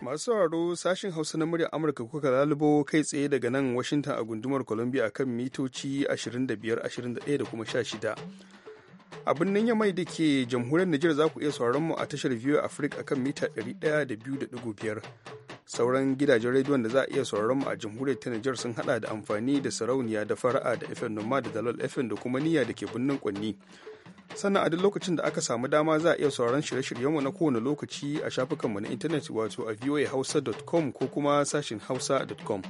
masu sauraro sashen hausa na muryar amurka kuka lalubo kai tsaye daga nan washington a gundumar columbia kan mitoci 25 21 da kuma 16 a birnin yamai da ke jamhuriyar Nijar za ku iya sauraron mu a tashar Viewer Africa akan mita 102.5 sauran gidajen rediyon da za a iya sauraron mu a jamhuriyar ta Nijar sun hada da amfani da sarauniya da fara'a da FM Noma da Dalol FM da kuma niyya da ke birnin Kwanni. Sannan a duk lokacin da aka samu dama za a iya sauraron shirye-shiryenmu na kowane lokaci a shafukanmu na intanet wato a voahausa.com ko kuma sashin hausa.com.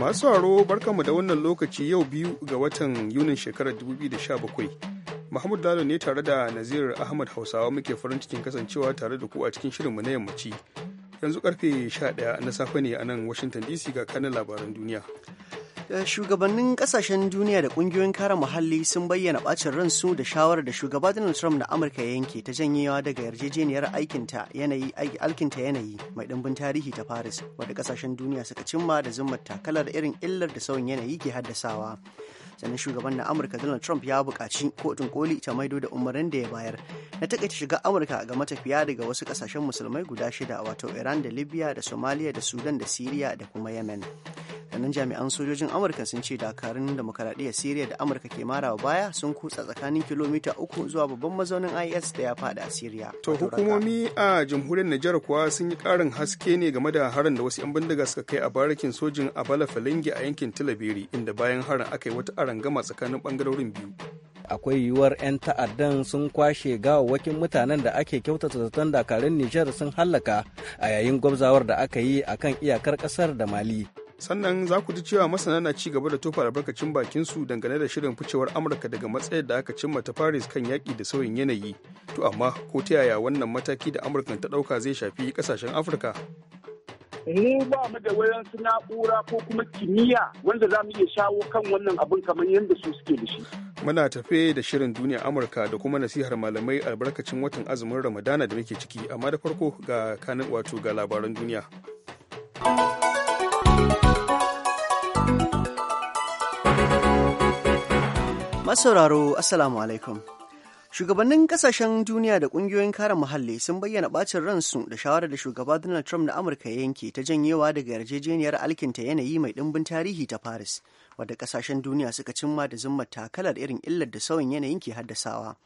Masu sauraro barkanmu da wannan lokaci yau biyu ga watan Yunin shekarar 2017. Mahmud Dalo ne tare da Nazir Ahmad Hausawa muke farin cikin kasancewa tare da ku a cikin shirinmu na yammaci. Yanzu karfe 11 na safe ne a nan Washington DC ga kanin labaran duniya. Shugabannin kasashen duniya da kungiyoyin kare muhalli sun bayyana bacin ransu da shawarar da shugaba Donald Trump na Amurka ya yanke ta janyewa daga yarjejeniyar aikinta yanayi alkinta yanayi mai ɗimbin tarihi ta Paris wadda kasashen duniya suka cimma da zumar takalar irin illar da sauyin yanayi ke haddasawa. sannan shugaban na amurka donald trump ya buƙaci kotun koli ta maido da umarnin da ya bayar na takaita shiga amurka ga matafiya daga wasu kasashen musulmai guda shida wato iran da libya da somalia da sudan da syria da kuma yemen sannan jami'an sojojin amurka sun ce dakarun demokaradiyyar syria da amurka ke marawa baya sun kutsa tsakanin kilomita uku zuwa babban mazaunin is da ya fada a syria to hukumomi a jamhuriyar nijar kuwa sun yi karin haske ne game da harin da wasu 'yan bindiga suka kai a barakin sojin a bala falange a yankin tilabiri inda bayan harin aka yi wata rangama tsakanin bangarorin biyu akwai yiwuwar 'yan ta'addan sun kwashe gawawwakin mutanen da ake kyautata zaton dakarun nijar sun hallaka a yayin gwabzawar da aka yi a kan iyakar kasar da mali sannan za ku ji cewa masana na ci gaba da tofa albarkacin bakin su dangane da shirin ficewar amurka daga matsayar da aka cimma ta paris kan yaƙi da sauyin yanayi to amma ko ta yaya wannan mataki da amurka ta ɗauka zai shafi ƙasashen afirka mu ba mu da su na'ura ko kuma kimiyya wanda za mu iya shawo kan wannan abin kamar yadda su suke da shi. Muna tafe da shirin duniya Amurka da kuma nasihar malamai albarkacin watan azumin Ramadana da muke ciki, amma da farko ga kanin wato ga labaran duniya. Masauraro, Assalamu alaikum. Shugabannin kasashen duniya da kungiyoyin kare muhalli sun bayyana bacin ransu da shawarar da shugaba Donald Trump na Amurka ya yanke ta janyewa daga yarjejeniyar alkinta yanayi mai ɗimbin tarihi ta Paris, wadda kasashen duniya suka cimma da zimmar takalar irin illar da sauyin yanayin ke haddasawa.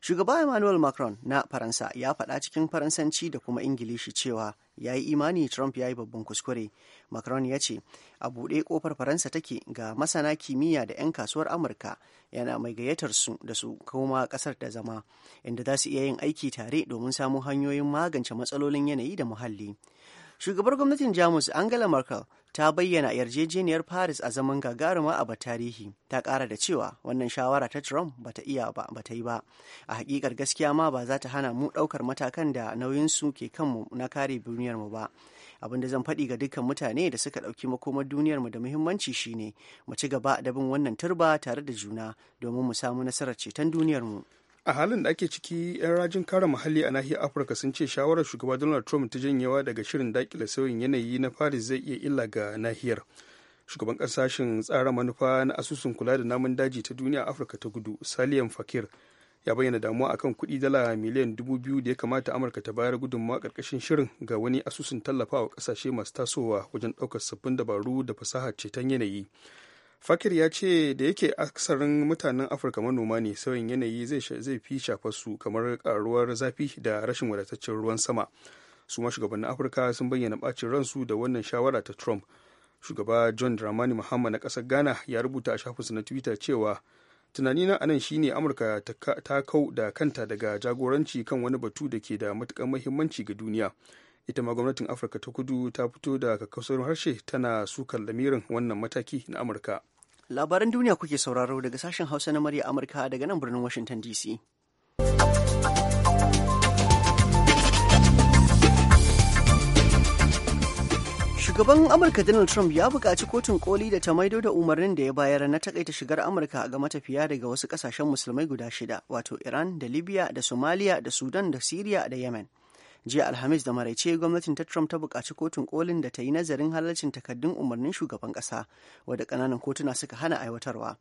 Shugaba Emmanuel Macron na Faransa ya faɗa cikin Faransanci da kuma Ingilishi cewa ya yi imani Trump ya yi babban kuskure. Macron ya ce, a buɗe kofar Faransa take ga masana kimiyya da 'yan kasuwar Amurka yana mai gayyatar su da su koma ƙasar da zama, inda za su iya yin aiki tare domin samun hanyoyin magance matsalolin yanayi da muhalli. Shugabar gwamnatin Jamus Angela Merkel ta bayyana yarjejeniyar Paris a zaman gagaruma a tarihi ta kara da cewa wannan shawara ta Trump bata iya ba bata yi ba a hakikar gaskiya ma ba za ta hana mu daukar matakan da nauyin su ke kanmu na kare duniyarmu ba abin da zan faɗi ga dukkan mutane da suka ɗauki makomar duniyarmu da muhimmanci shine mu ci gaba da bin wannan turba tare da juna domin mu samu nasarar ceton duniyar mu a halin da ake ciki 'yan rajin kare muhalli a nahiyar afirka sun ce shawarar shugaba donald trump ta janyewa daga shirin dakile sauyin yanayi na paris zai iya illa ga nahiyar shugaban kasashen tsara manufa na asusun kula da namun daji ta duniya afirka ta gudu saliyan fakir ya bayyana damuwa akan kuɗi dala miliyan dubu biyu da ya kamata amurka ta bayar gudunmawa ƙarƙashin shirin ga wani asusun tallafawa ƙasashe masu tasowa wajen ɗaukar sabbin dabaru da fasaha ceton yanayi fakir ya ce da yake aksarin mutanen afirka manoma ne sauyin yanayi zai fi shafar su kamar karuwar zafi da rashin wadataccen ruwan sama su ma shugabannin afirka sun bayyana bacin ransu da wannan shawara ta trump shugaba john dramani muhammad na kasar ghana ya rubuta a shafinsa na twitter cewa tunanina anan shine amurka ta kau da kanta daga jagoranci kan wani batu da ke da matukar muhimmanci ga duniya ita ma gwamnatin afirka ta kudu ta fito da kakkausar harshe tana sukar lamirin wannan mataki na amurka labaran duniya kuke sauraro daga sashen hausa na murya amurka daga nan birnin washington dc shugaban amurka donald trump ya buƙaci kotun koli da ta maido da umarnin da ya bayar na takaita shigar amurka ga matafiya daga wasu ƙasashen musulmai guda shida wato iran da libya da somalia da sudan da syria da yemen jiya alhamis da maraice gwamnatin ta trump ta bukaci kotun kolin da ta yi nazarin halarcin takaddun umarnin shugaban ƙasa wadda ƙananan kotuna suka hana aiwatarwa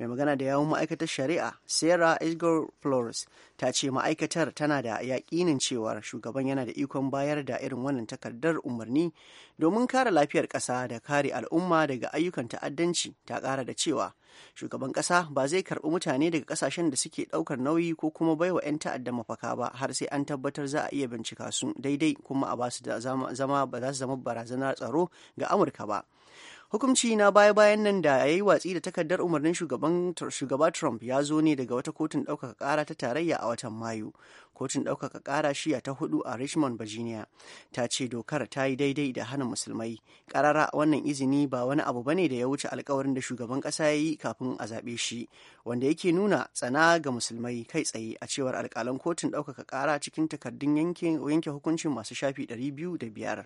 mai magana da yawun ma'aikatar shari'a sarah edgar flores ta ce ma'aikatar tana da yaƙinin cewar shugaban yana da ikon bayar da irin wannan takardar umarni domin kare lafiyar ƙasa da kare al'umma daga ayyukan ta'addanci ta ƙara da cewa shugaban ƙasa ba zai karɓi mutane daga ƙasashen da suke ɗaukar nauyi ko kuma baiwa 'yan ta'adda mafaka ba har sai an tabbatar za a iya bincika su daidai kuma a ba su zama ba za su zama barazanar tsaro ga amurka ba Hukunci na baya-bayan nan da ya yi watsi da takardar umarnin shugaban shugaba Trump ya zo ne daga wata kotun ɗaukaka ƙara ta tarayya a watan Mayu. Kotun ɗaukaka ƙara shiya ta hudu a Richmond, Virginia, ta ce dokar ta yi daidai da hana musulmai. Ƙarara wannan izini ba wani abu bane da ya wuce alkawarin da shugaban ƙasa ya yi kafin a zaɓe shi, wanda yake nuna tsana ga musulmai kai tsaye a cewar alkalan kotun ɗaukaka ƙara cikin takardun yanke hukuncin masu shafi 205.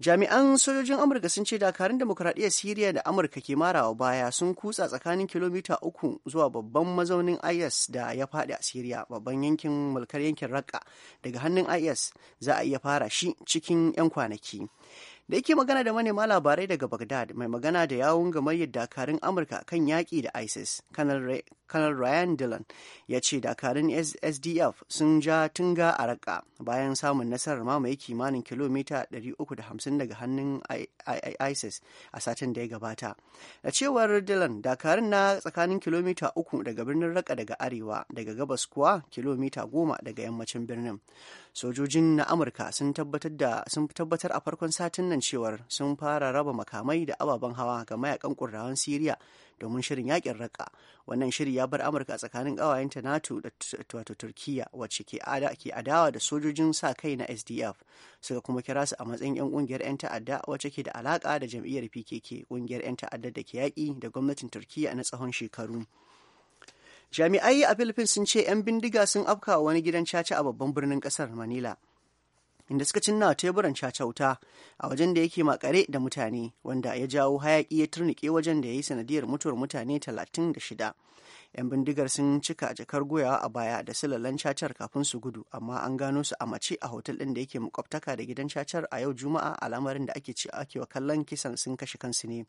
jami'an sojojin amurka sun ce dakarun demokradiyyar siriya da amurka ke marawa baya sun kutsa tsakanin kilomita uku zuwa babban mazaunin is da ya faɗi a siriya babban yankin mulkar yankin raqqa daga hannun is za a iya fara shi cikin 'yan kwanaki da yake magana da manema labarai daga baghdad mai magana da yawun gamayyar dakarun amurka kan yaki da isis Colonel ryan dillon ya ce dakarun sdf sun ja tunga a raka bayan samun nasarar mamaye kimanin kilomita 350 daga hannun isis a satin da ya gabata da cewar dillon dakarun na tsakanin kilomita uku daga birnin raka daga arewa daga gabas kuwa kilomita 10 daga yammacin birnin sojojin na amurka sun tabbatar a farkon satin bayanin cewar sun fara raba makamai da ababen hawa ga mayakan kurdawan Siriya domin shirin yakin raka. Wannan shiri ya bar Amurka a tsakanin ƙawayenta NATO da wato Turkiya wacce ke adawa da sojojin sa kai na SDF suka kuma kira su a matsayin 'yan ƙungiyar 'yan ta'adda wacce ke da alaƙa da jam'iyyar PKK ƙungiyar 'yan ta'adda da ke yaƙi da gwamnatin Turkiya na tsawon shekaru. Jami'ai a Philippines sun ce 'yan bindiga sun afka wani gidan caca a babban birnin ƙasar Manila. inda suka cinna teburan cacauta a wajen da yake makare da mutane wanda ya jawo hayaki ya turnike wajen da ya yi sanadiyar mutuwar mutane 36 'yan bindigar sun cika jakar goyawa a baya da silalan cacar kafin su gudu amma an gano su a mace a hotel ɗin da yake makwabtaka da gidan cacar a yau juma'a a lamarin da ake ci ake wa kallon kisan sun kashe kansu ne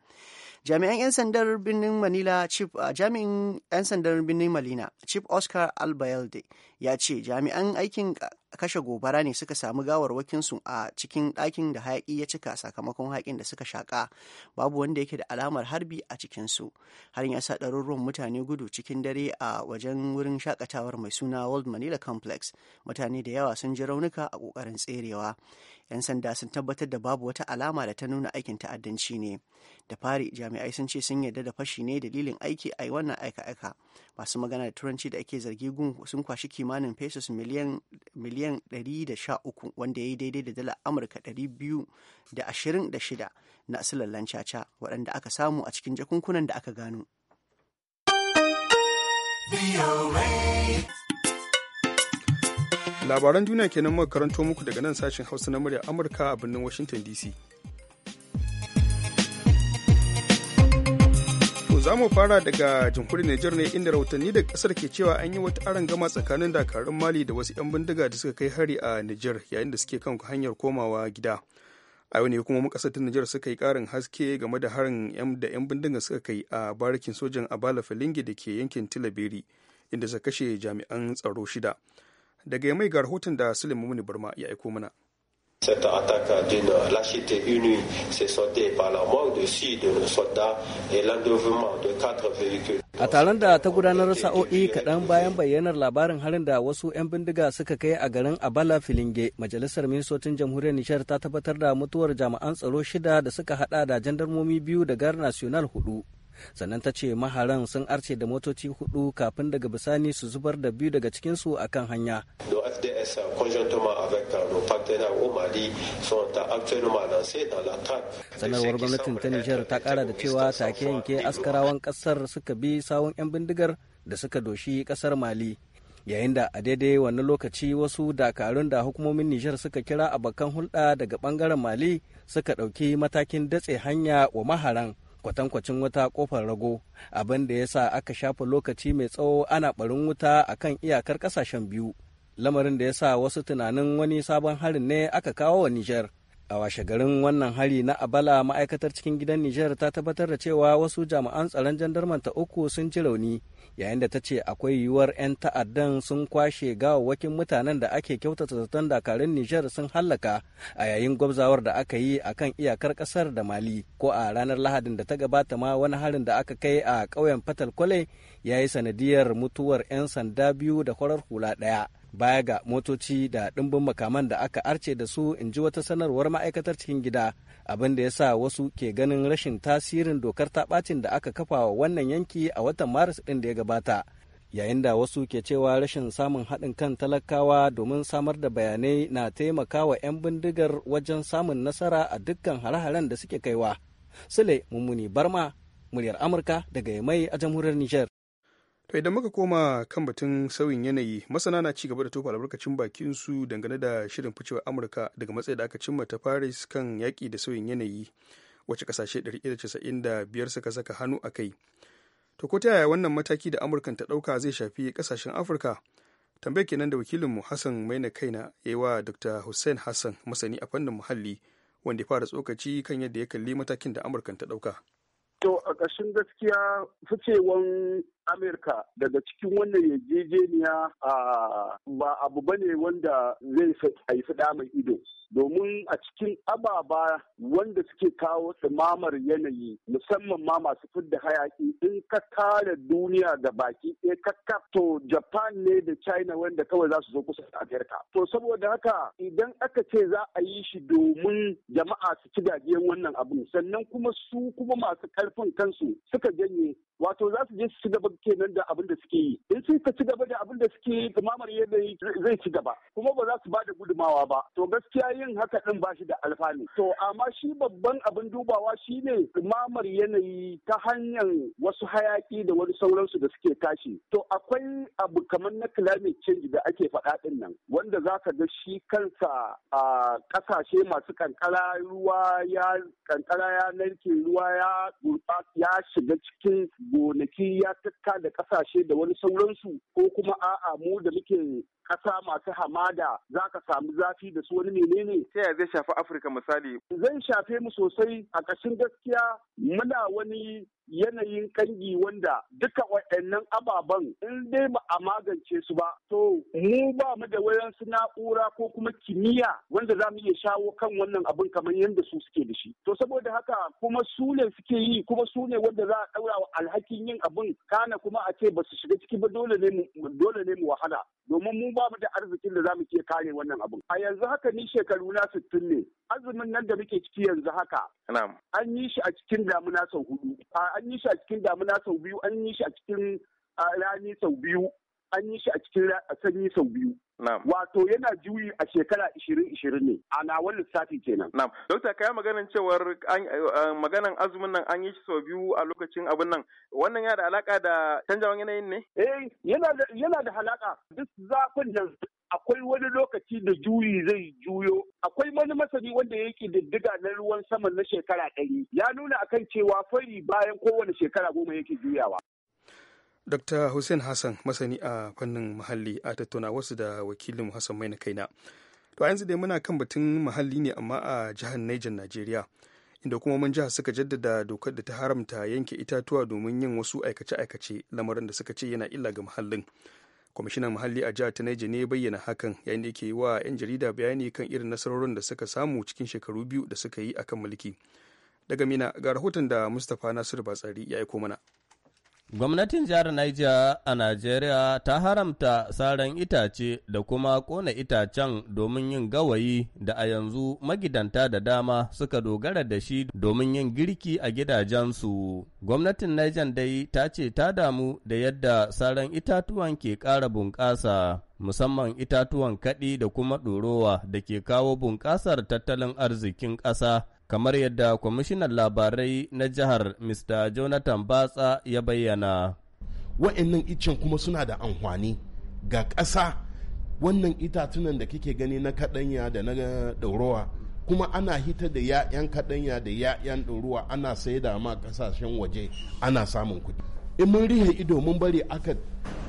jami'an 'yan sandar birnin manila chief ah, jami'in 'yan sandar birnin malina chief oscar albayalde ya ce jami'an aikin kashe gobara ne suka samu gawarwakinsu a cikin ɗakin da hayaƙi ya cika sakamakon haƙin da suka shaƙa babu wanda yake da alamar harbi a cikinsu Har ya sa ɗaruruwan mutane gudu cikin dare a wajen wurin shakatawar mai suna world manila complex mutane da yawa sun ji raunuka a ƙoƙarin tserewa 'yan sanda sun tabbatar da babu wata alama da ta nuna aikin ta'addanci ne da fari jami'ai sun ce sun yarda da fashi ne dalilin aiki a wannan aika-aika masu magana da turanci da ake zargi gun sun kwashi kimanin pesos miliyan 113 wanda ya yi daidai da dala amurka 226 na asilallan caca waɗanda aka samu a cikin jakunkunan da aka gano labaran duniya kenan muka muku daga nan sashen hausa na murya amurka a birnin washington dc za mu fara daga jamhuriyar Nijar ne inda rahotanni da kasar ke cewa an yi wata aron gama tsakanin dakarun Mali da wasu 'yan bindiga da suka kai hari a Nijar yayin da suke kan hanyar komawa gida. A yau ne kuma makasatun Nijar suka yi karin haske game da harin da 'yan bindiga suka kai a barikin sojan Abala da ke yankin Tilaberi inda suka kashe jami'an tsaro shida. Daga mai ga rahoton da Suleiman burma ya aiko mana. Cette attaque d'une lâcheté inouïe s'est soldée par la mort de six de nos soldats et l'endevement de quatre véhicules. A taron da ta gudanar sa'o'i kaɗan bayan bayyanar labarin harin da wasu 'yan bindiga suka kai a garin Abala Filinge, Majalisar Ministocin Jamhuriyar Nishar ta tabbatar da mutuwar jami'an tsaro shida da suka hada da jandarmomi biyu da gar national hudu. sannan ta ce maharan sun arce da motoci hudu kafin daga bisani su zubar da biyu daga cikinsu a kan hanya uh, uh, sanarwar gwamnatin ta nijar ta kara da cewa take yanke askarawan kasar suka bi sawun 'yan bindigar da suka doshi kasar mali yayin da a daidai wani lokaci wasu dakarun da hukumomin nijar suka kira a bakan hulɗa daga ɓangaren mali suka ɗauki matakin datse hanya wa maharan kwatankwacin wata kofar rago abin da ya sa aka shafa lokaci mai tsawo ana barin wuta a kan iyakar kasashen biyu lamarin da ya sa wasu tunanin wani sabon harin ne aka kawo wa nijar a washe garin wannan hari na abala ma'aikatar cikin gidan nijar ta tabbatar da cewa wasu jami'an tsaron jandarmanta uku sun ji rauni yayin da ta ce akwai yiwuwar 'yan ta'addan sun kwashe gawawwakin mutanen da ake kyautata zaton dakarun Nijar sun hallaka a yayin gwabzawar da aka yi a kan iyakar kasar da Mali ko a ranar Lahadin da ta gabata ma wani harin da aka kai a ƙauyen kwale ya yi sanadiyar mutuwar 'yan sanda biyu da kwarar hula ɗaya. Baya ga motoci da ɗimbin makaman da aka arce da su in ji wata sanarwar ma'aikatar cikin gida abin da ya sa wasu ke ganin rashin tasirin dokar ta bacin da aka kafa wa wannan yanki a watan maris ɗin da ya gabata yayin da wasu ke cewa rashin samun haɗin kan talakawa domin samar da bayanai na taimakawa 'yan bindigar wajen samun nasara a dukkan hare-haren da suke kaiwa sule mummuni barma muryar amurka daga mai a jamhuriyar niger to idan muka koma kan batun sauyin yanayi masana na cigaba gaba da tofa albarkacin bakin su dangane da shirin ficewar amurka daga matsayi da aka cimma ta paris kan yaƙi da sauyin yanayi wacce kasashe 195 suka saka hannu a kai to ko ta yaya wannan mataki da amurkan ta ɗauka zai shafi kasashen afirka tambayar kenan da wakilinmu hassan maina na ya yi wa dr hussein hassan masani a fannin muhalli wanda ya fara tsokaci kan yadda ya kalli matakin da amurkan ta ɗauka. To a ƙarshen gaskiya ficewan Amerika daga cikin wannan yarjejeniya ba abu bane wanda zai haifi ɗa mai ido. Domin a cikin ababa wanda suke kawo ɗumamar yanayi musamman ma masu fidda hayaki in ka kare duniya da baki ɗaya kakka to Japan ne da China wanda kawai za su zo kusa da Amerika. To saboda haka idan aka ce za a yi shi domin jama'a su ci gajiyan wannan abu, sannan kuma su kuma masu ƙarfin kansu suka janye wato za su je su ci gaba kenan da abin da suke yi in sun ka ci gaba da abin da suke yi dumamar yanayi zai ci gaba kuma ba za su ba da gudumawa ba to gaskiya yin haka din ba shi da alfanu to amma shi babban abin dubawa shi ne, dumamar yanayi ta hanyar wasu hayaki da wani sauransu da suke tashi to akwai abu kamar na climate change da ake faɗa din nan wanda za ka ga shi kansa a ƙasashe masu kankara ruwa ya kankara ya narke ruwa ya ya shiga cikin gonaki ya tattara makwabta da ƙasashe da wani sauransu ko kuma a'a mu da muke ƙasa masu hamada za ka samu zafi da su wani menene. Ta yaya zai shafi Afirka misali? Zai shafe mu sosai a ƙashin gaskiya muna wani yanayin kangi wanda duka waɗannan ababen in dai ba a magance su ba to mu ba mu da wayansu na'ura ko kuma kimiyya wanda za mu iya shawo kan wannan abin kamar yadda su suke da shi to saboda haka kuma su ne suke yi kuma su ne wanda za a ɗaura wa alhakin yin abin kana kuma a ce ba su shiga ciki ba dole ne mu wahala domin mu ba mu da arzikin da za mu iya kare wannan abun. A yanzu haka ni shekaru na sittin ne. Azumin nan da muke ciki yanzu haka. An yi shi a cikin damuna sau hudu. An yi shi a cikin damuna sau biyu. An yi shi a cikin rani sau biyu. An yi shi a cikin sanyi sau biyu. Wato yana juyi a shekara ishirin ishirin ne a nawar lissafi kenan. Na'am. Dokta kai maganin cewar eh, maganan azumin nan an yi shi sau biyu a lokacin abin nan wannan yana da alaka da canjawan yanayin ne? Eh yana da halaka duk zafin nan akwai wani lokaci da juyi zai juyo akwai wani masani wanda yake diddiga na ruwan sama na shekara ɗari ya nuna akan cewa fari bayan kowane shekara goma yake juyawa dr hussein hassan masani a fannin muhalli a tattauna wasu da wakilin hassan mai na kaina to yanzu dai muna kan batun muhalli ne amma a jihar niger najeriya inda kuma mun jihar suka jaddada dokar da ta haramta yanke itatuwa domin yin wasu aikace-aikace lamarin da suka ce yana illa ga muhallin kwamishinan muhalli a jihar ta niger ne bayyana hakan yayin da yake yi wa 'yan jarida bayani kan irin nasarorin da suka samu cikin shekaru biyu da suka yi akan mulki daga mina ga rahoton da mustapha nasiru batsari ya aiko mana Gwamnatin jihar Niger a Najeriya ta haramta saran itace da kuma kona itacen domin yin gawayi da a yanzu magidanta da dama suka dogara da shi domin yin girki a gidajensu. Gwamnatin Niger dai ta ce ta damu da yadda saran itatuwan ke ƙara bunƙasa. musamman itatuwan kaɗi da kuma ɗorowa da ke kawo bunƙasar tattalin arzikin ƙasa kamar yadda kwamishinan labarai na jihar Mr. Jonathan Batsa ya bayyana. Wa'annan icen kuma suna da amfani ga ƙasa wannan itatunan da kike gani na kaɗanya da na ɗaurowa kuma ana hita da ya'yan kaɗanya da ya'yan ɗaurowa ana sai da ma ƙasashen waje ana samun kuɗi. In mun rihe ido mun bari aka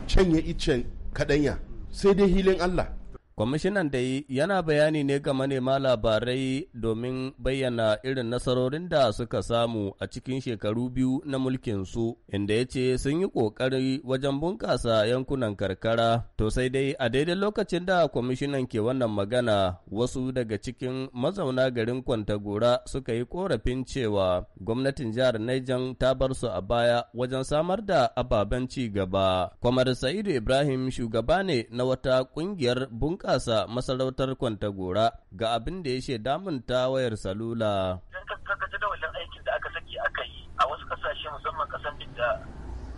canye icen kaɗanya sai dai hilin Allah. Kwamishinan da yana bayani ne ga manema labarai domin bayyana irin nasarorin da suka samu a cikin shekaru biyu na mulkinsu, inda ya ce sun yi ƙoƙari wajen bunƙasa yankunan karkara. To sai dai a daidai lokacin da kwamishinan ke wannan magana wasu daga cikin mazauna garin Kwantagora suka yi ƙorafin cewa gwamnatin jihar Niger ta bar su a baya wajen samar da ababen ci gaba. Kwamar Sa'idu Ibrahim shugaba ne na wata ƙungiyar bunƙasa bunƙasa masarautar gora. ga abin da ya shaida mun ta wayar salula. Idan ka da jadawalin aikin da aka saki aka yi a wasu ƙasashe musamman ƙasar da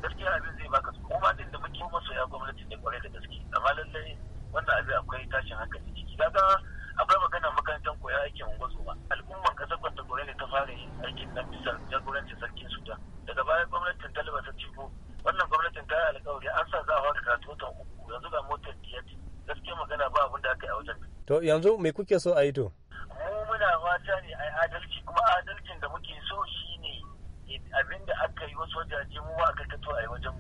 gaskiya abin zai baka su kuma din da muke ya gwamnati ne kwarai da gaske amma lallai wannan abin akwai tashin hankali ciki kaga akwai magana makarantar koya aikin ungozoma al'umman ƙasar Kwantagora ne ta fara yin aikin nan bisa jagorancin sarkin Sudan daga baya gwamnatin Taliban ta ciko wannan gwamnatin ta yi alƙawari an sa za a fara karatu watan uku yanzu ga mota gaskiya magana ba abin da aka yi a wajen to yanzu me kuke so a yi to mu muna fata ne a adalci kuma adalcin da muke so shi ne abin da aka yi wasu wajaje mu aka kato a yi wajen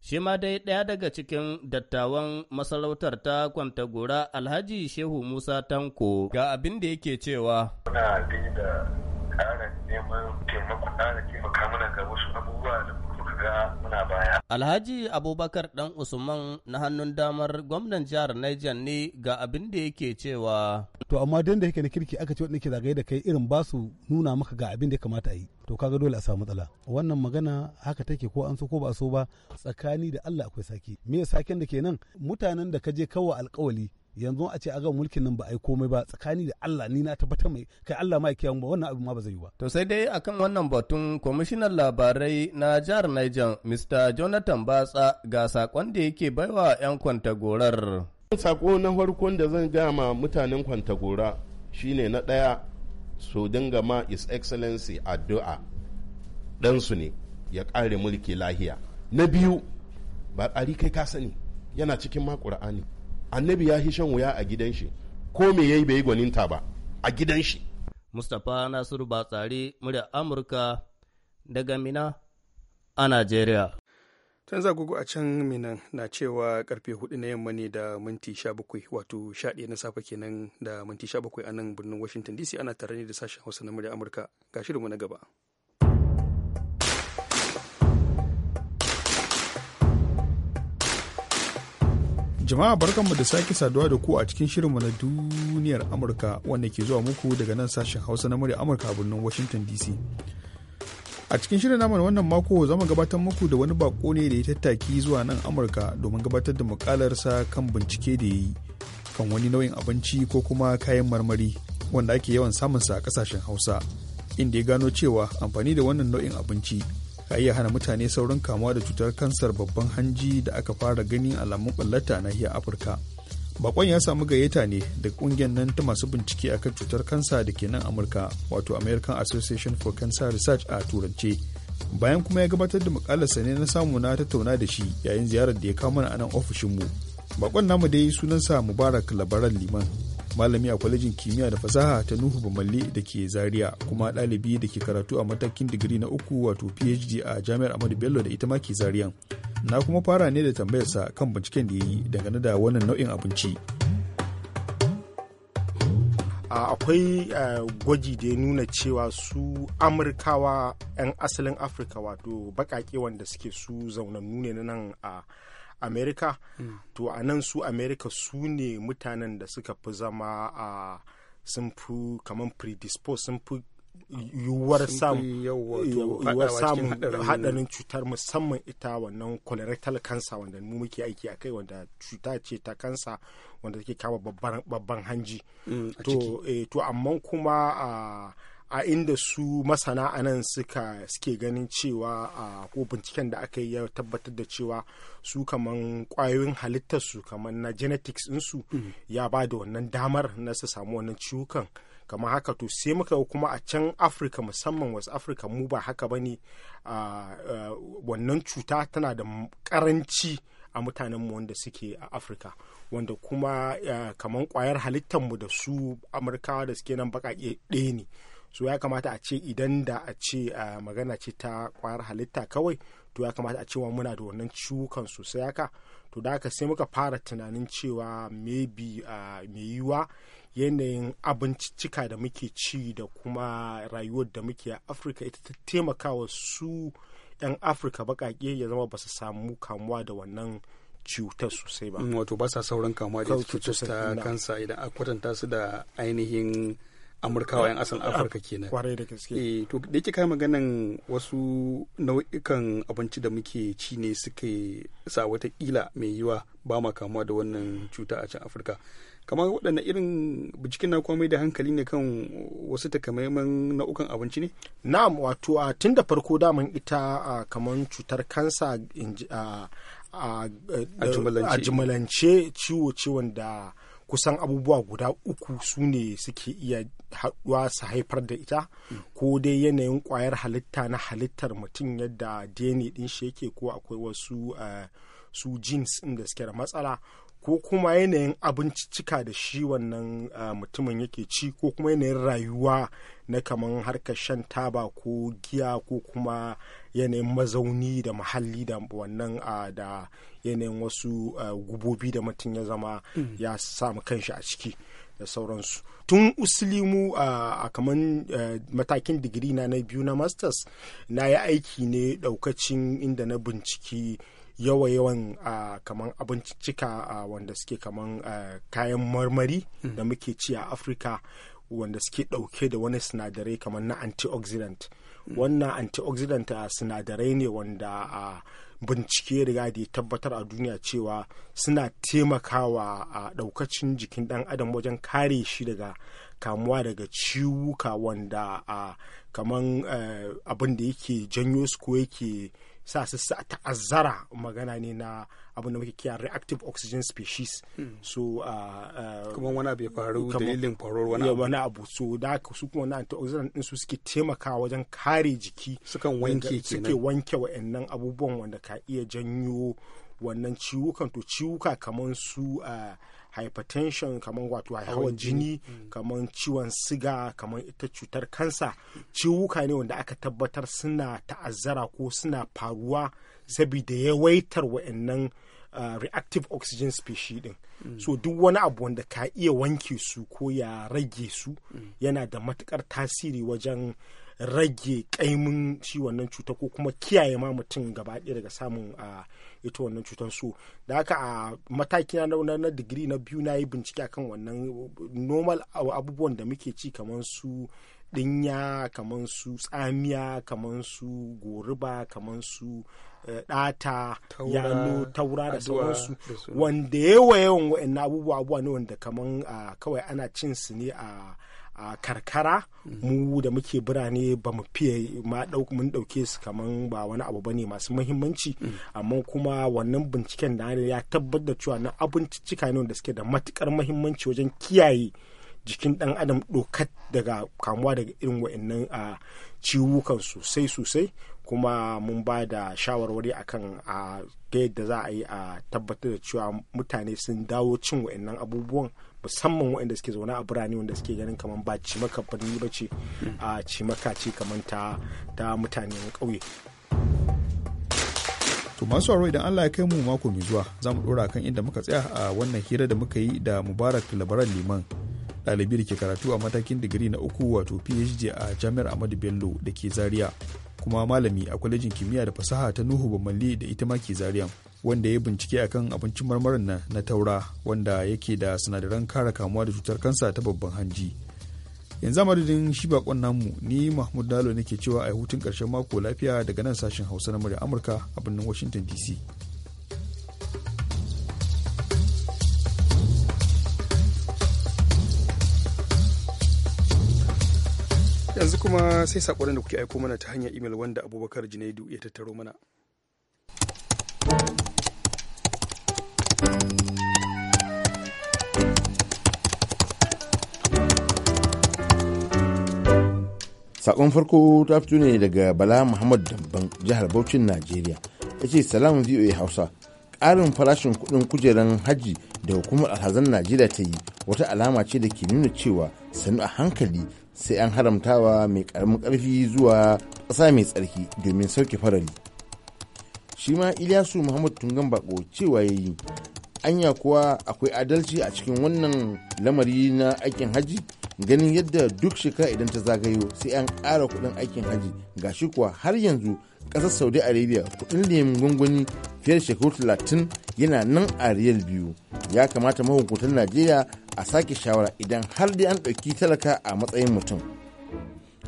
shi ma dai ɗaya daga cikin dattawan masarautar ta gora alhaji shehu musa tanko ga abin da yake cewa muna da ƙara neman taimako ƙara taimaka mana ga wasu abubuwa da ga muna baya. Alhaji Abubakar Dan Usman na hannun damar gwamnan jihar Niger ne ga abin da yake cewa. To amma dan da yake na kirki aka ce wanda ke zagaye da kai irin ba su nuna maka ga abin da ya kamata a yi. To kaga dole a samu matsala. Wannan magana haka take ko an so ko ba so ba tsakani da Allah akwai saki. Me saken da ke nan mutanen da ka je kawo alkawali yanzu a ce a gama mulkin nan ba a yi komai ba tsakani da Allah ni na tabbatar mai kai Allah ma kiyaye ba wannan abu ma ba zai yi ba to sai dai akan wannan batun kwamishinan labarai na jihar Niger Mr Jonathan Batsa ga sakon da yake baiwa yan kwantagorar sako na farkon da zan gaya ma mutanen kwantagora shine na ɗaya su dinga ma is excellency addu'a ɗansu ne ya kare mulki lahiya na biyu ba kai ka sani yana cikin ma ƙur'ani annabi ya shan wuya a gidan shi ko me yayi bai gwaninta ba a gidan shi mustapha nasiru batsari murya amurka daga mina a nigeria. can zagugu a can minan na cewa karfe hudu na yamma ne da minti 17 wato 11 na safe kenan da minti 17 a nan birnin washington dc ana tare ne da sashen hausa na murya amurka ga shirinmu na gaba Jama'a barkanmu da sake saduwa da ku a cikin shirinmu na duniyar Amurka wanda ke zuwa muku daga nan sashen Hausa na murya Amurka a birnin Washington DC. A cikin shirin namu wannan mako za mu gabatar muku da wani bako ne da ya tattaki zuwa nan Amurka domin gabatar da mukalarsa kan bincike da ya yi kan wani nau'in abinci ko kuma kayan marmari wanda ake yawan samunsa a kasashen Hausa inda ya gano cewa amfani da wannan nau'in abinci ka iya hana mutane saurin kamuwa da cutar kansar babban hanji da aka fara ganin alamun na nahiyar afirka bakon ya samu gayyata ne daga kungiyar nan ta masu bincike akan cutar kansa da ke nan amurka wato american association for cancer research a turance bayan kuma ya gabatar da mukalarsa ne na samu na tattauna da shi yayin ziyarar da ya kawo mana a nan ofishinmu bakon namu dai sunansa mubarak labaran liman malami a kwalejin kimiyya da fasaha ta nuhu bamalli da ke zaria kuma ɗalibi da ke karatu a matakin digiri na uku wato phd a jami'ar amadu bello da ita ma ke zariyan na kuma fara ne da tambayarsa kan binciken da ya yi dangane da wannan nau'in abinci akwai gwaji da ya nuna cewa su amurkawa 'yan asalin afirka wato baƙaƙe wanda suke su zaunannu ne nan a america hmm. to a nan su amerika su ne mutanen da suka fi zama a sun fi kamar predispose sun fi yiwuwar samun haɗarin cutar musamman ita wannan colorectal cancer wanda mu muke aiki a kai wanda cuta ce ta kansa wanda take kama babban hanji hmm, eh, to amma kuma a a inda su masana a nan suka suke ganin cewa a ko binciken da aka yi ya tabbatar da cewa su kaman kwayoyin halittar su kaman na genetics su hmm. ya ba da wannan damar na su samu wannan ciwukan kamar haka to sai muka kuma a can afirka musamman wasu afirka mu ba haka ba ne wannan cuta tana da karanci a mutanenmu wanda suke a afirka wanda kuma kamar kwayar halittar mu da su amurkawa da suke nan baƙaƙe ɗaya ne so ya kamata a ce idan da a ce magana ce ta kwayar halitta kawai to ya kamata a cewa muna da wannan ciwukan sosai haka to da haka sai muka fara tunanin cewa maybe mai yiwa yanayin abincicika da muke ci da kuma rayuwar da muke a afirka ita ta taimakawa su 'yan afirka baƙaƙe ya zama ba su samu kamuwa da wannan cutar sosai ba mm, wato ba sa sauran kamuwa da cutar ta kansa idan a kwatanta su da ainihin amurkawa yan asalin ah, afirka kenan kwarai da gaske eh to da yake kai maganan wasu nau'ikan abinci da muke ci ne suke sa watakila mai yiwa ba ma kamuwa da wannan cuta a can afirka kamar waɗanne irin binciken na komai da hankali ne kan wasu takamaiman nau'ukan abinci ne? na'am wato a tun da farko daman ita kamar cutar kansa a jimalance ciwo ciwon da kusan abubuwa guda uku su ne suke iya haɗuwa su haifar da ita ko dai yanayin kwayar halitta na halittar mutum yadda dna ɗin shi yake ko akwai wasu eh, su jeans ɗin da suke da matsala ko kuma yanayin abinciccika da shi wannan mutumin yake ci ko kuma yanayin rayuwa na kaman harkar shan taba ko giya ko kuma yanayin mazauni da muhalli da wannan da yanayin wasu gubobi da mutum ya zama mm. ya samu kanshi a ciki da sauransu tun usilimu a kaman matakin digiri na na biyu na masters na yi aiki ne daukacin inda na binciki yawa yawan kaman abincicika wanda suke kaman kayan marmari hmm. da muke ci a afirka wanda suke ɗauke da wani sinadarai kamar na antioxidant hmm. wannan antioxidant sinadarai ne wanda a bincike riga da ya tabbatar a duniya cewa suna taimakawa a ɗaukacin jikin ɗan adam wajen kare shi daga kamuwa daga ciwuka wanda a kaman eh, abin da yake janyo su ko yake sa su ta'azzara magana ne na abin da muke kiya reactive oxygen species so uh, uh, kuma wani abu ya faru dalilin faruwar wani abu wani abu so da su kuma wani antioxidant din su suke taimakawa wajen kare jiki sukan wanke suke wanke wa'annan abubuwan wanda ka iya janyo wannan ciwukan to ciwuka kamar su uh, hypertension kamar wato hawan jini mm. kamar ciwon siga kamar ita cutar kansa ciwuka ne wanda aka tabbatar suna ta'azzara ko suna faruwa saboda yawaitar wa'annan Uh, reactive oxygen species din mm. so duk wani abu wanda ka iya wanke su ko ya rage su mm. yana da matukar tasiri wajen rage kaimin shi wannan cuta ko kuma kiyaye ma mutum gaba ɗaya daga samun a ita wannan cutar so da haka a mataki na na digiri na biyu na yi bincike kan wannan normal abubuwan da muke ci kamar su dinya kamar su tsamiya kamar su goruba kamar su eh, ɗata yano taura da sauransu wanda yawa yawan wa'in abubuwa abubuwa ne wanda kamar kawai ana cin su ne a a karkara mu da muke birane ba mu fiye ma mun ɗauke su kaman ba wani abu bane masu muhimmanci amma kuma wannan binciken da ya tabbatar cewa na abinciccika ne da suke da matukar muhimmanci wajen kiyaye jikin dan adam dokat daga kamuwa daga irin wa'annan ciwukan sosai sosai kuma mun ba da shawarwari akan a yadda za a yi a tabbatar da cewa mutane sun dawo cin wa'annan abubuwan musamman da suke zaune a birane wanda suke ganin kamar ba cimaka birni ba ce a cimaka ce kamar ta ta mutanen ƙauye. To masu aro idan Allah ya kai mu mako mai zuwa za mu ɗora kan inda muka tsaya a wannan hira da muka yi da Mubarak Labaran Liman ɗalibi da ke karatu a matakin digiri na uku wato PhD a Jami'ar Ahmadu Bello da ke Zaria kuma malami a kwalejin kimiyya da fasaha ta nuhu malli da ita ma ke zariyan wanda ya bincike akan abincin marmarin na, na taura wanda yake da sinadaran kare kamuwa da cutar kansa ta babban hanji yanzu madadin shi bakon namu ni mahmud dalo nake cewa a hutun karshen mako lafiya daga nan sashen hausa na murya amurka a birnin washington dc yanzu kuma sai saƙonin da kuke aiko mana ta hanyar imel wanda abubakar junaidu ya tattaro mana saƙon farko ta fito ne daga bala muhammad damban jihar Bauchin najeriya ya ce salam voa hausa ƙarin farashin kuɗin kujeran hajji da hukumar alhazan najeriya ta yi wata alama ce da ke nuna cewa sannu a hankali sai an haramtawa mai karamin karfi zuwa ƙasa mai tsarki domin sauke farari. shi ma ilyasu muhammad tungan bako cewa ya yi anya kuwa akwai adalci a cikin wannan lamari na aikin haji ganin yadda duk shekara idan ta zagayo sai an ƙara kuɗin aikin haji shi kuwa har yanzu ƙasar saudi arabia kuɗin neman gwangwani fiye da shekaru talatin yana nan a riyal biyu ya kamata mahukuntan najeriya a sake shawara idan har dai an ɗauki talaka a matsayin mutum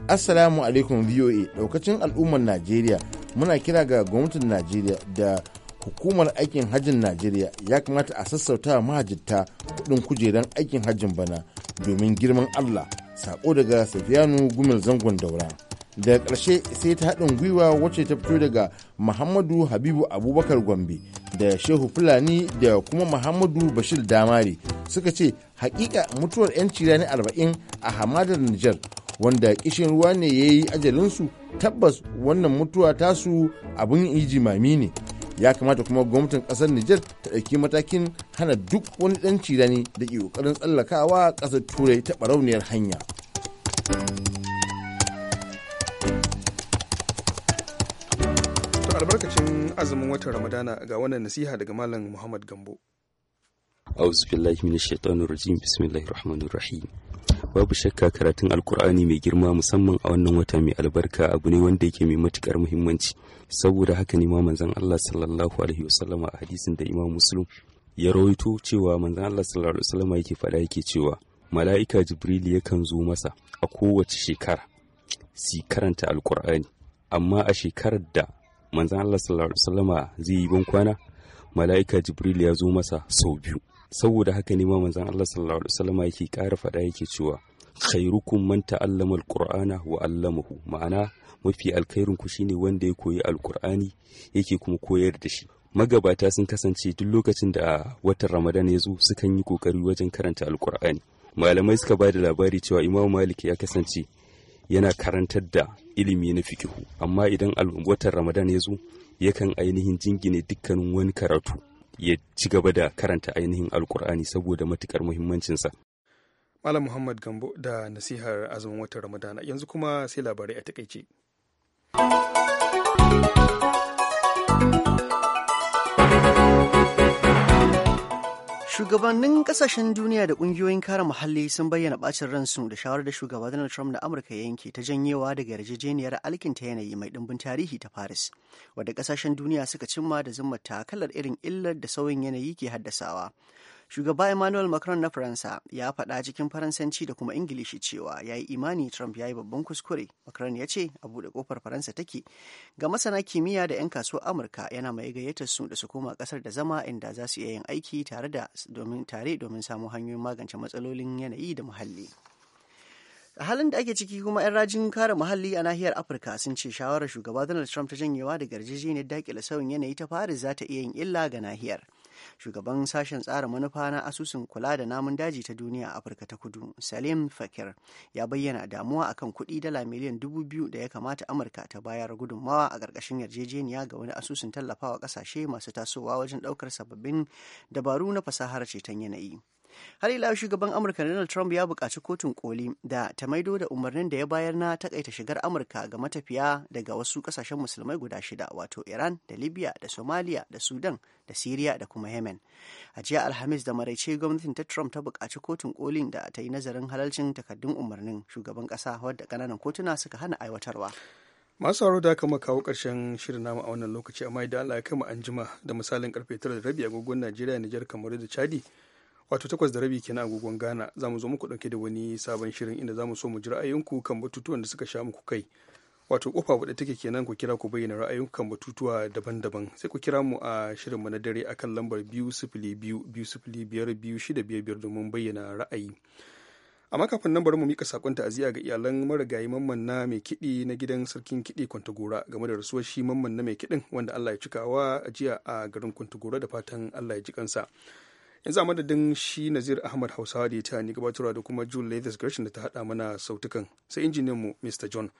assalamu alaikum voa ɗaukacin al'ummar najeriya muna kira ga gwamnatin najeriya da hukumar aikin hajjin najeriya ya kamata a sassauta mahajjata kuɗin kujeran aikin hajjin bana domin girman allah sako daga safiyanu gumel zangon daura da ƙarshe sai ta haɗin gwiwa wacce ta fito daga muhammadu habibu abubakar gombe da shehu fulani da kuma muhammadu bashir damari suka ce hakika mutuwar 'yanci rani 40 a hamadar nijar wanda kishin ruwa ne ya yi ajalinsu tabbas wannan mutuwa tasu abin ijimami ne ya kamata kuma gwamnatin ƙasar Nijar ta ɗauki matakin hana duk wani ɗan cirani da ke ƙoƙarin tsallakawa ƙasar turai ta ɓarauniyar hanya. albarkacin azumin watan ramadana ga wannan nasiha daga malam muhammad gambo auzu billahi minash shaitanir rajim bismillahir rahmanir rahim babu shakka karatun alkur'ani mai girma musamman a wannan wata mai albarka abu ne wanda yake mai matukar muhimmanci saboda haka ne ma manzon Allah sallallahu alaihi wasallam a hadisin da Imam Muslim ya rawaito cewa manzon Allah sallallahu alaihi wasallam yake faɗa yake cewa mala'ika Jibril yakan zo masa a kowace shekara si karanta alkur'ani amma a shekarar da manzan Allah sallama zai yi bankwana mala'ika jibril ya zo masa sau biyu saboda haka ne ma manzan Allah sallama yake ƙara faɗa yake cewa khairukum manta ta'allama alqur'ana wa 'allamahu ma'ana mafi alkhairin ku shine wanda ya koyi alqur'ani yake kuma koyar da shi magabata sun kasance duk lokacin da watan ramadan ya zo sukan yi kokari wajen karanta alqur'ani malamai suka ba da labari cewa imam malik ya kasance yana karantar da ilimi na fikihu amma idan watan ramadan ya zo yakan ainihin jingine dukkanin wani karatu ya ci gaba da karanta ainihin alkur'ani saboda matukar muhimmancinsa malam muhammad gambo da nasihar azumin watan ramadana yanzu kuma sai labarai a takaice Shugabannin kasashen duniya da ƙungiyoyin kare muhalli sun bayyana bacin ransu da shawarar da shugaba Donald Trump na Amurka ya yanke ta janyewa daga yarjejeniyar alkinta yanayi mai ɗimbin tarihi ta Paris, wadda kasashen duniya suka cimma da zumma takalar irin illar da sauyin yanayi ke haddasawa. shugaba emmanuel macron na faransa ya faɗa cikin faransanci da kuma ingilishi cewa ya yi imani trump ya yi babban kuskure macron ya ce a buɗe kofar faransa take ga masana kimiyya da 'yan kasuwar amurka yana mai gayyatar su da su koma kasar da zama inda za su iya yin aiki tare da domin tare domin samun hanyoyin magance matsalolin yanayi da muhalli a halin da ake ciki kuma 'yan rajin kare muhalli a nahiyar afirka sun ce shawarar shugaba donald trump ta janyewa daga yarjejeniyar dakile sauyin yanayi ta paris za ta iya yin illa ga nahiyar shugaban sashen tsara manufa na asusun kula da namun daji ta duniya a afirka ta kudu salim fakir ya bayyana damuwa akan kuɗi dala miliyan dubu biyu da ya kamata amurka ta bayar gudunmawa a ƙarƙashin yarjejeniya ga wani asusun tallafawa ƙasashe masu tasowa wajen ɗaukar sababbin dabaru na fasahar ceton yanayi har ila shugaban amurka donald trump ya buƙaci kotun koli da ta maido da umarnin da ya bayar na takaita shigar amurka ga matafiya daga wasu ƙasashen musulmai guda shida wato iran da libya da somalia da sudan da syria da kuma yemen a jiya alhamis da maraice gwamnatin ta trump ta buƙaci kotun kolin da ta yi nazarin halalcin takardun umarnin shugaban ƙasa wadda ƙananan kotuna suka hana aiwatarwa masu haro da aka kawo karshen shirin namu a wannan lokaci amma idan Allah ya kama anjima da misalin karfe tara da rabi agogon Najeriya Nijar kamaru da Chadi wato takwas da rabi kenan agogon ghana za mu zo muku dauke da wani sabon shirin inda za mu so mu ji ra'ayinku kan batutuwan da suka sha muku kai wato kofa wadda take kenan ku kira ku bayyana ra'ayinku kan batutuwa daban-daban sai ku kira mu a shirin mu na dare akan lambar biyu sifili biyu biyu sifili biyar biyu shida biyar biyar domin bayyana ra'ayi amma kafin nan bari mu mika sakon ta'aziyya ga iyalan marigayi mamman na mai kiɗi na gidan sarkin kiɗi kwantagora game da rasuwar shi mamman na mai kiɗin wanda Allah ya cikawa a jiya a garin kwantagora da fatan Allah ya ji kansa. yanzu a madadin shi nazir ahmad hausawa da ya ta ni gabatarwa da kuma june lathis gershon da ta hada mana sautukan sai injiniyan mu mr john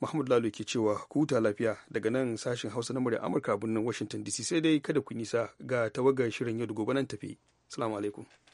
muhammad lalu ke cewa ku huta lafiya daga nan sashen hausa na murya amurka birnin washington dc sai dai kada ku nisa ga tawagar shirin yau da gobe nan tafi salamu alaikum